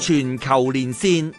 全球連線，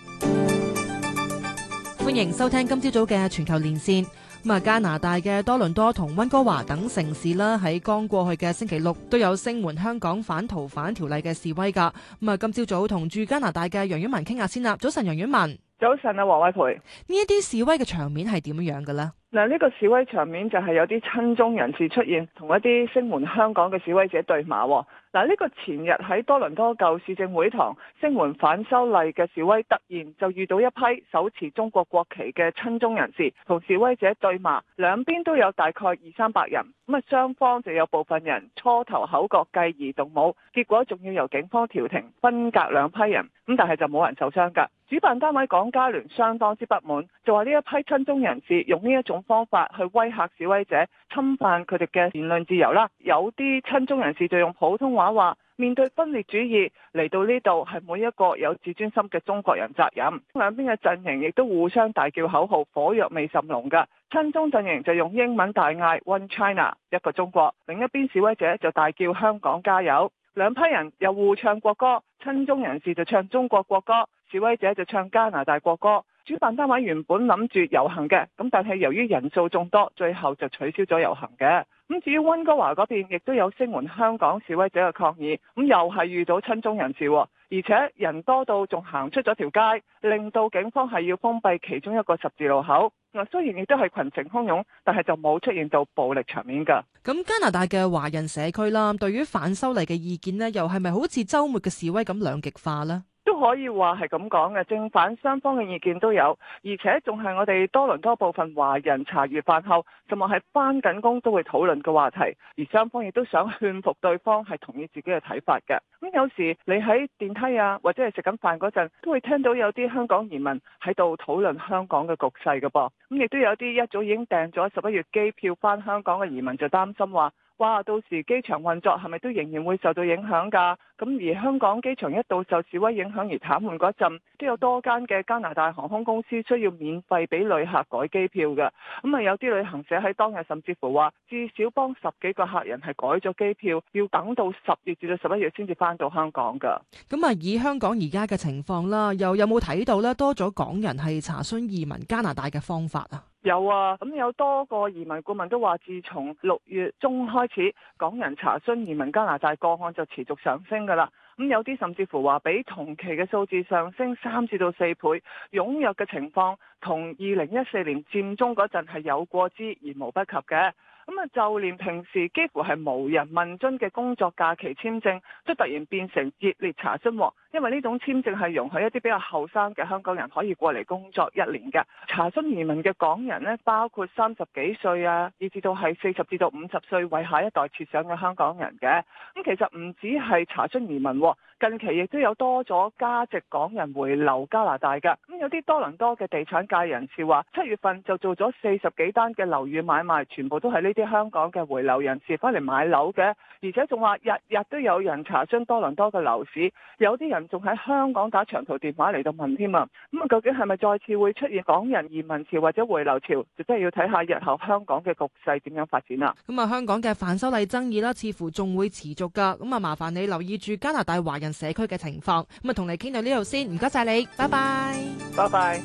歡迎收聽今朝早嘅全球連線。咁啊，加拿大嘅多倫多同溫哥華等城市啦，喺剛過去嘅星期六都有聲援香港反逃犯條例嘅示威噶。咁啊，今朝早同駐加拿大嘅楊婉文傾下先啦。早晨，楊婉文。早晨啊，王慧蓓。呢一啲示威嘅場面係點樣嘅呢？嗱，呢個示威場面就係有啲親中人士出現，同一啲聲援香港嘅示威者對罵。嗱，呢個前日喺多倫多舊市政會堂聲援反修例嘅示威，突然就遇到一批手持中國國旗嘅親中人士同示威者對罵，兩邊都有大概二三百人。咁啊，雙方就有部分人初頭口角繼而動武，結果仲要由警方調停分隔兩批人。咁但係就冇人受傷㗎。主辦單位港加聯相當之不滿，就話呢一批親中人士用呢一種方法去威嚇示威者，侵犯佢哋嘅言論自由啦。有啲親中人士就用普通話話：面對分裂主義嚟到呢度，係每一個有自尊心嘅中國人責任。兩邊嘅陣營亦都互相大叫口號，火藥味甚濃噶。親中陣營就用英文大嗌 One China，一個中國；另一邊示威者就大叫香港加油。兩批人又互唱國歌，親中人士就唱中國國歌，示威者就唱加拿大國歌。主辦單位原本諗住遊行嘅，咁但係由於人數眾多，最後就取消咗遊行嘅。咁至於溫哥華嗰邊，亦都有聲援香港示威者嘅抗議，咁又係遇到親中人士，而且人多到仲行出咗條街，令到警方係要封閉其中一個十字路口。啊，雖然亦都係群情洶湧，但係就冇出現到暴力場面噶。咁加拿大嘅華人社區啦，對於反修例嘅意見呢，又係咪好似周末嘅示威咁兩極化呢？都可以話係咁講嘅，正反雙方嘅意見都有，而且仲係我哋多倫多部分華人茶餘飯後，甚至係翻緊工都會討論嘅話題，而雙方亦都想勸服對方係同意自己嘅睇法嘅。咁有時你喺電梯啊，或者係食緊飯嗰陣，都會聽到有啲香港移民喺度討論香港嘅局勢嘅噃。咁亦都有啲一早已經訂咗十一月機票翻香港嘅移民就擔心話。哇！到時機場運作係咪都仍然會受到影響㗎？咁而香港機場一度受示威影響而癱瘓嗰陣，都有多間嘅加拿大航空公司需要免費俾旅客改機票㗎。咁啊，有啲旅行社喺當日甚至乎話至少幫十幾個客人係改咗機票，要等到十月至到十一月先至返到香港㗎。咁啊，以香港而家嘅情況啦，又有冇睇到多咗港人係查詢移民加拿大嘅方法啊？有啊，咁有多個移民顧問都話，自從六月中開始，港人查詢移民加拿大個案就持續上升噶啦。咁有啲甚至乎話比同期嘅數字上升三至到四倍，踴躍嘅情況同二零一四年佔中嗰陣係有過之而無不及嘅。咁啊，就連平時幾乎係無人問津嘅工作假期簽證，都突然變成熱烈查詢，因為呢種簽證係容許一啲比較後生嘅香港人可以過嚟工作一年嘅。查詢移民嘅港人呢，包括三十幾歲啊，以至到係四十至到五十歲為下一代設想嘅香港人嘅。咁其實唔止係查詢移民啊。近期亦都有多咗加籍港人回流加拿大㗎。咁有啲多倫多嘅地產界人士話，七月份就做咗四十幾單嘅樓宇買賣，全部都係呢啲香港嘅回流人士翻嚟買樓嘅，而且仲話日日都有人查詢多倫多嘅樓市，有啲人仲喺香港打長途電話嚟到問添啊，咁啊究竟係咪再次會出現港人移民潮或者回流潮？就真係要睇下日後香港嘅局勢點樣發展啦。咁啊香港嘅反修例爭議啦，似乎仲會持續噶，咁啊麻煩你留意住加拿大華人。社區嘅情況，咁啊同你傾到呢度先，唔該晒你，拜拜，拜拜。